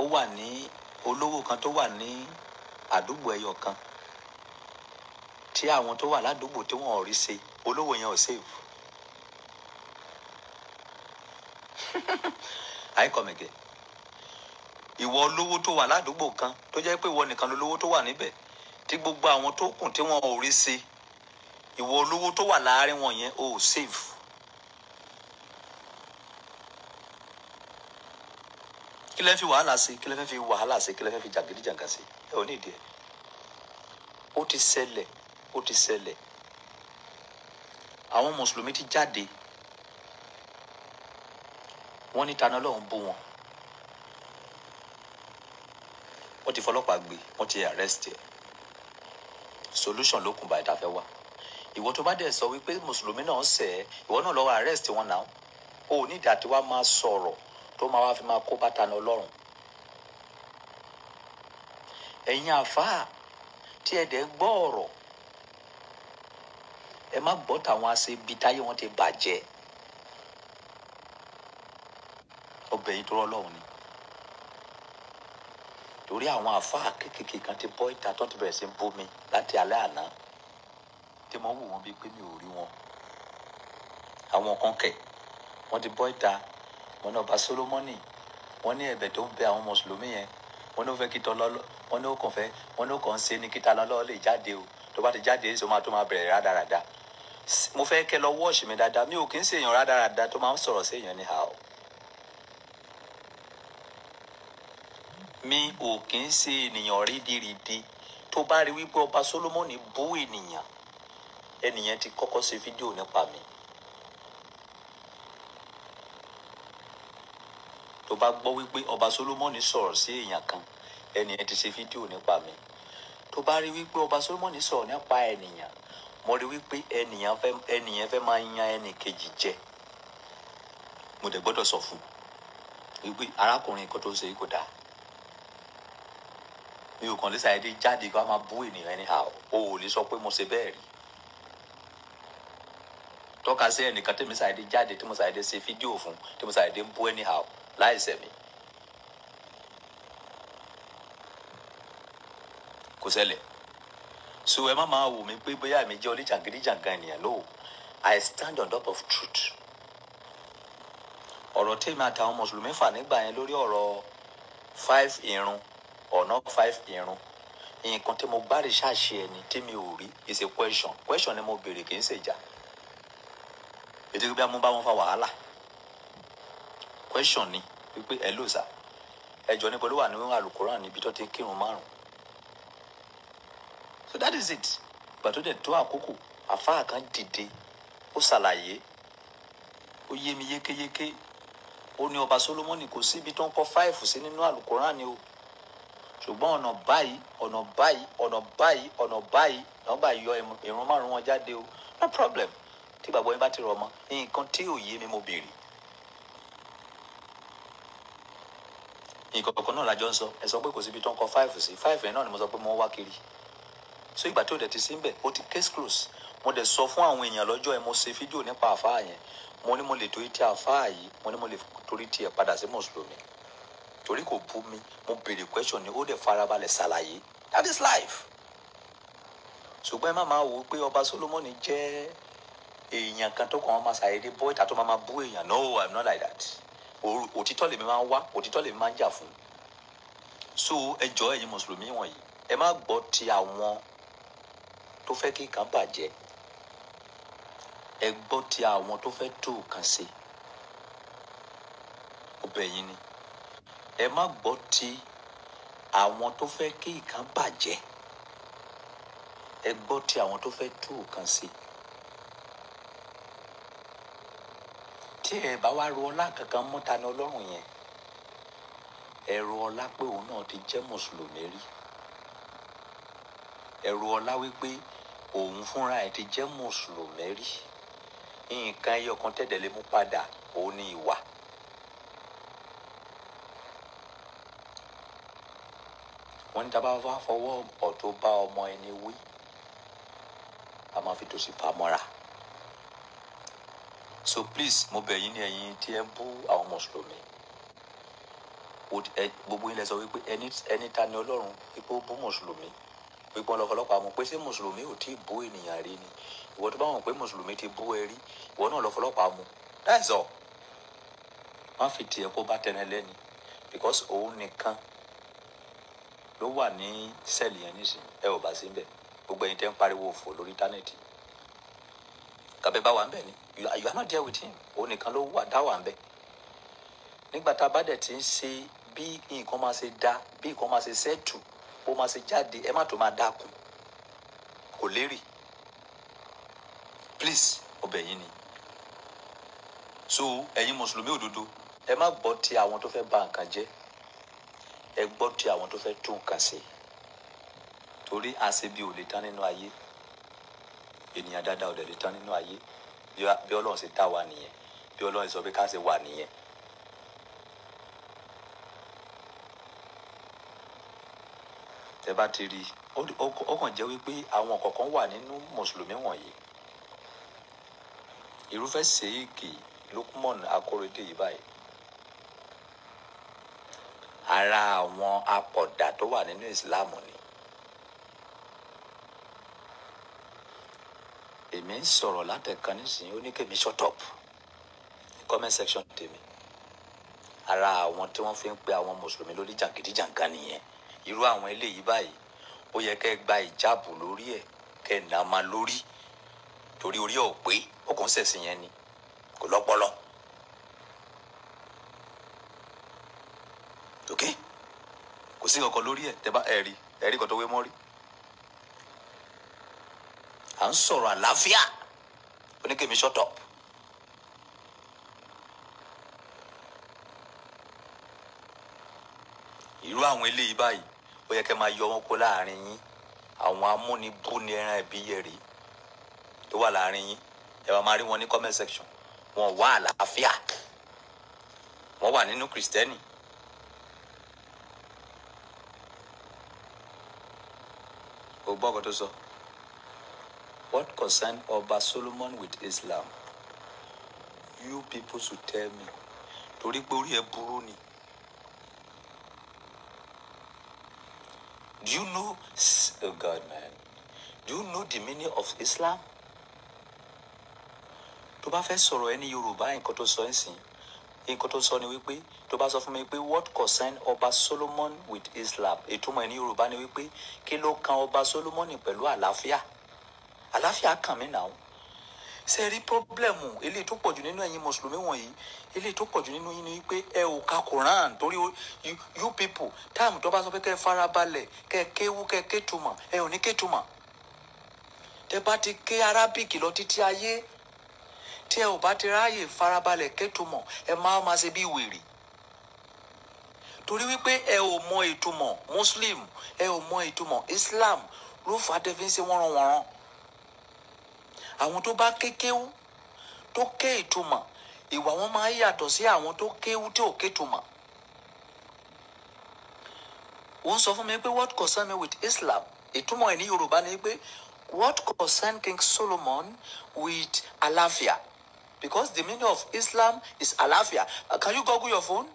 ó wà ní olówó kan tó wà ní àdúgbò ẹyọ kan tí àwọn tó wà ládùúgbò tí wọn ò rí ṣe olówó yẹn ò save. àìkọ̀mẹ̀gẹ̀ ìwọ olówó tó wà ládùúgbò kan tó jẹ́ pé ìwọ nìkan lolówó tó wà níbẹ̀ tí gbogbo àwọn tó kù tí wọn ò rí ṣe ìwọ olówó tó wà láàárín wọn yẹn ò save. kí lẹ́ fi wàhálà ṣe kí lẹ́ fẹ́ fi wàhálà ṣe kí lẹ́ fẹ́ fi jàgídíjàgà ṣe ẹ ò ní ìdí ẹ ó ti ṣẹlẹ̀ ó ti ṣẹlẹ̀ àwọn mùsùlùmí ti jáde wọ́n ní tani ọlọ́run bú wọn wọ́n ti fọlọ́pàá gbé wọ́n ti arrest ẹ̀ solution ló kùn báyìí tá a fẹ́ wá ìwọ tó bá dẹ̀ sọ wípé mùsùlùmí náà ṣẹ̀ ìwọ náà lọ́wọ́ arrest wọn náà o ní ìdí àti wá máa sọ̀rọ̀ tó máa wá fi máa kó bàtà ní ọlọ́run ẹ̀yin àfáà tí ẹ̀ dẹ̀ gbọ́ ọ̀rọ̀ ẹ má gbọ́ tàwọn aṣebi táyé wọn ti bàjẹ́ ọbẹ̀ yìí tó rọ́ ọlọ́run ni torí àwọn àfáà kékèké kan ti bọ́ ìta tó ti bẹ̀rẹ̀ sí bomi láti alẹ́ àná tí mo wù wọ́n bíi pé mi ò rí wọn àwọn kan kẹ̀ wọ́n ti bọ́ ìta wọn náà bá Solomoni wọn ní ẹ̀bẹ̀ tó ń bẹ àwọn mùsùlùmí yẹn wọn ní ó fẹ́ kí tọ lọlọ wọn ní ó kàn fẹ́ wọn ní ó kàn ń ṣe ní kíta lọlọ lè jáde o tó bá ti jáde èso máa tó máa bẹ̀rẹ̀ rádaràda mo fẹ́ kẹ́ lọ wọ́ọ̀ṣì mi dáadáa mi ò kí ń ṣèyàn rádaràda tó máa ń sọ̀rọ̀ ṣèyàn ní hàó mi ò kí ń ṣe ènìyàn rídìrídì tó bá rí wípé ọba Solomoni bú ènìyàn ẹnìyẹn ti kọ́kọ́ ṣe fídíò nípa mi. tó bá gbọ́ wípé ọba Solomoni sọ̀rọ̀ sí èèyàn kan ẹni ẹ ti ṣe fídíò nípa mi tó bá rí wípé ọba Solomoni sọ̀rọ̀ nípa ènìyàn mo rí wípé ènìyàn fẹ́ ènìyàn fẹ́ máa yan ẹnì kejì jẹ mo dẹ̀ gbọ́dọ̀ sọ fún wípé arákùnrin kan tó ṣe kò dáa mi ò kàn lè ṣàyẹ̀dẹ̀ jáde kó a máa bú ènìyàn ẹni àwọ̀ o ò lè sọ pé mo ṣe bẹ́ẹ̀ rí tọ́ka sí ẹnìkan tí mo ṣàyẹ̀dẹ̀ jáde tí mo ṣàyẹ̀dẹ̀ ṣe fídíò fún tí mo ṣàyẹ̀dẹ̀ ń bú ẹni àwọ̀ láì sẹ̀mí kò ṣẹlẹ̀ so ẹ má máa wò mí pé bóyá mi jẹ́ oníjàngídíjàngán ènìyàn no I stand on top of truth ọ̀rọ̀ tèmi àtàwọn mùsùlùmí fà nígbà yẹn lórí ọ̀rọ̀ five irun ọ̀nà five irun nǹkan tí mo bá rí ṣáṣe ẹni tí mi ò rí is a question question ni mo béèrè kì í ṣèjà ètò ìgbà mo bá wọn fa wàhálà question ni wípé ẹ lò sá ẹjọ́ níbo ló wà nínú alukoran níbi tó ti kírun márùn so that is it ìgbà tó dẹ̀ tó àkókò àfáà kan dìde ó ṣàlàyé ó yé mi yékéyéké ó ní ọba Solomoni kò síbi tó ń kọ fáìfù sí nínú alukoran ni o ṣùgbọ́n ọ̀nà báyìí ọ̀nà báyìí ọ̀nà báyìí ọ̀nà báyìí lọ́gbà yọ ìrun márùn wọn jáde o no problem tí gbàgbọ́ yín bá ti rọ̀ mọ́ nǹkan tí ò yé mi mo béèrè ìkọ̀kọ̀ náà lájọ ń sọ ẹ sọ pé kò síbi tó ń kọ five sí five yẹn náà ni mo sọ pé mo wá kiri so ìgbà tó dẹ̀ ti sí bẹ̀ ó ti case close mo dẹ̀ sọ fún àwọn èèyàn lọ́jọ́ yẹn mo ṣe fídíò nípa àfáà yẹn mo ní mo lè torí tí àfáà yìí mo ní mo lè torí tí ẹ padà sí mùsùlùmí torí kò bú mi mo béèrè question ni ó dẹ̀ farabalẹ̀ ṣàlàyé that is life ṣùgbọ́n ẹ má máa wò ó pé ọba Solomon jẹ́ èèyàn kan tó kàn án máa ṣàyẹ̀dẹ̀ bọ́ ìta tó máa máa bú èèyàn no i'm not like that òtítọ́ lèmi máa ń wá òtítọ́ lèmi máa ń jà fún so ẹ jọ̀ọ́ ẹ̀yin mùsùlùmí wọ̀nyí ẹ má gbọ́ ti àwọn tó fẹ́ kí kan bàjẹ́ ẹ gbọ́ ti àwọn tó fẹ́ tó kan ṣe ọbẹ̀ yín ni ẹ má gbọ́ ti àwọn tó fẹ́ kí kan bàjẹ́ ẹ gbọ́ ti àwọn tó fẹ́ tó kan ṣe. tí ẹ bá wá ro ọlá kankan mú ta ni ọlọ́run yẹn ẹ ro ọlá pé òun náà ti jẹ́ mùsùlùmí rí ẹ ro ọlá wípé òun fúnra ẹ̀ ti jẹ́ mùsùlùmí rí nǹkan ẹyọ kan tẹ̀dẹ̀ lè mú padà òun ni ìwà. wọ́n ní tábà fọwọ́ ọ̀tún bá ọmọ ẹni wí a máa fi tòsí pamọ́ra so please mo bẹ̀ yín ní ẹ̀yin tí ẹ bú àwọn mùsùlùmí gbogbo yín lẹ sọ wípé ẹni ẹni ta ni ọlọ́run wípé ó bú mùsùlùmí wípé ọlọ́fọlọ́pàá mọ̀ pé ṣé mùsùlùmí ò tí ì bú ènìyàn rí ni ìwọ tó bá wọn pé mùsùlùmí ti bú ẹ rí ìwọ náà lọ́fọlọ́pàá mu that's all má fi tiẹ̀ kó bá tẹnẹ lẹ́ni because òun nìkan ló wà ní sẹ́ẹ̀lì yẹn nísìnyí ẹ ò bá sí ń bẹ̀ gbogbo ẹ̀yin tẹ́ ń pariwo òfò lórí íńtánẹ́ẹ̀tì kàbẹ́ bá wà ń bẹ̀ ni you are, you are not there with him òun nìkan ló wà dá wà ń bẹ nígbà tá a bá dẹ̀ ti ń ṣe bí nǹkan máa ṣe dá bí nǹkan máa ṣe ṣẹ́tù ó máa ṣe jáde ẹ má tó máa dákun kò lérì please ọbẹ̀ yìí ni so ẹ̀yin mùsùlùmí òdodo ẹ má gbọ́ ti àwọn tó fẹ́ bà nǹkan jẹ́ ẹ gbọ́ ti àwọn tó fẹ́ tún nǹkan ṣe torí àṣebi ò lè tán nínú ayé ènìyàn dáadáa ò lè tán nínú ayé bí ọlọ́run ṣe dá wa nìyẹn bí ọlọ́run sọ pé ká ṣe wà nìyẹn. tẹ bá ti rí ó kàn jẹ́ wípé àwọn kọ̀ọ̀kan wà nínú mùsùlùmí wọ̀nyí irúfẹ́ sèéèkì Lukman Akóredé yìí báyìí ara àwọn apọ̀dà tó wà nínú Islam ni. èmi ń sọ̀rọ̀ látẹ̀kan nísìnyí ó ní kèmí shut up comment section tèmi ara àwọn tí wọ́n fi ń pe àwọn mùsùlùmí lórí jàǹkìdíjàǹkà nìyẹn irú àwọn eléyìí báyìí ó yẹ kẹ́ ẹ gba ìjáàbù lórí ẹ̀ kẹ́ ẹ nà á máa lórí torí orí ẹ̀ ò pé ó kàn ń ṣẹ̀sìn yẹn ni kò lọ́pọlọ. ok kò sí kankan lórí ẹ̀ tẹ́ bá ẹ̀ rí ẹ̀ rí kan tó wé mọ́ rí à ń sọ̀rọ̀ àlàáfíà oníkèmí ṣọ́tọ̀. irú àwọn eléyìí báyìí ó yẹ kẹ́ máa yọ wọn kó láàrin yín àwọn amúnibúni ẹran ìbíyẹ̀rí tó wà láàrin yín ẹ máa rí wọn ní comment section wọn wà àlàáfíà wọn wà nínú kristẹni. o gbọ́ ọkọ tó sọ. So. What concerned Ọba Solomon with Islam? You people should tell me. Torí pé orí ẹ burú ni. Do you know, oh God man, do you know the meaning of Islam? Tó bá fẹ́ sọ̀rọ̀ ẹni Yorùbá nǹkan tó sọ ẹ́ sìn, nǹkan tó sọ ni wípé tó bá sọ fún mi pé what concern Ọba Solomon with Islam? Ètò ọmọ ẹni Yorùbá ni wípé kí ló kan Ọba Solomon pẹ̀lú àlàáfíà? àlàáfíà kàn mí nà ó ṣe rí pọ́blẹ́mù eléyìí tó pọ̀jù nínú ẹ̀yin mùsùlùmí wọ̀nyí eléyìí tó pọ̀jù nínú yín ni pé ẹ ò ka koran torí you people táàmù tó bá sọ pé kẹ́ ẹ farabalẹ̀ kẹ́ ẹ kéwú kẹ́ ẹ kétumọ̀ ẹ ò ní kétumọ̀ tẹ bá ti ké arábìkì lọ títí ayé tí ẹ ò bá ti ráàyè farabalẹ̀ kétumọ̀ ẹ máa ma ṣe bí wèrè torí wípé ẹ ò mọ ìtumọ̀ muslim ẹ ò mọ ìtumọ̀ islam ló fà á tẹ fi ń ṣe wọ́nranwọ̀nran. àwọn tó bá kékéwú tó ké ìtumọ̀ ìwà wọn máa ń yàtọ̀ sí àwọn tó kéwú tí ò kétumọ̀. ó ń sọ fún mi pé what concern me with Islam ìtumọ̀ ẹ̀ ní Yorùbá ni pé what concern King Solomon with Alafia, because the meaning of Islam is Alafia. uh, can you google your phone.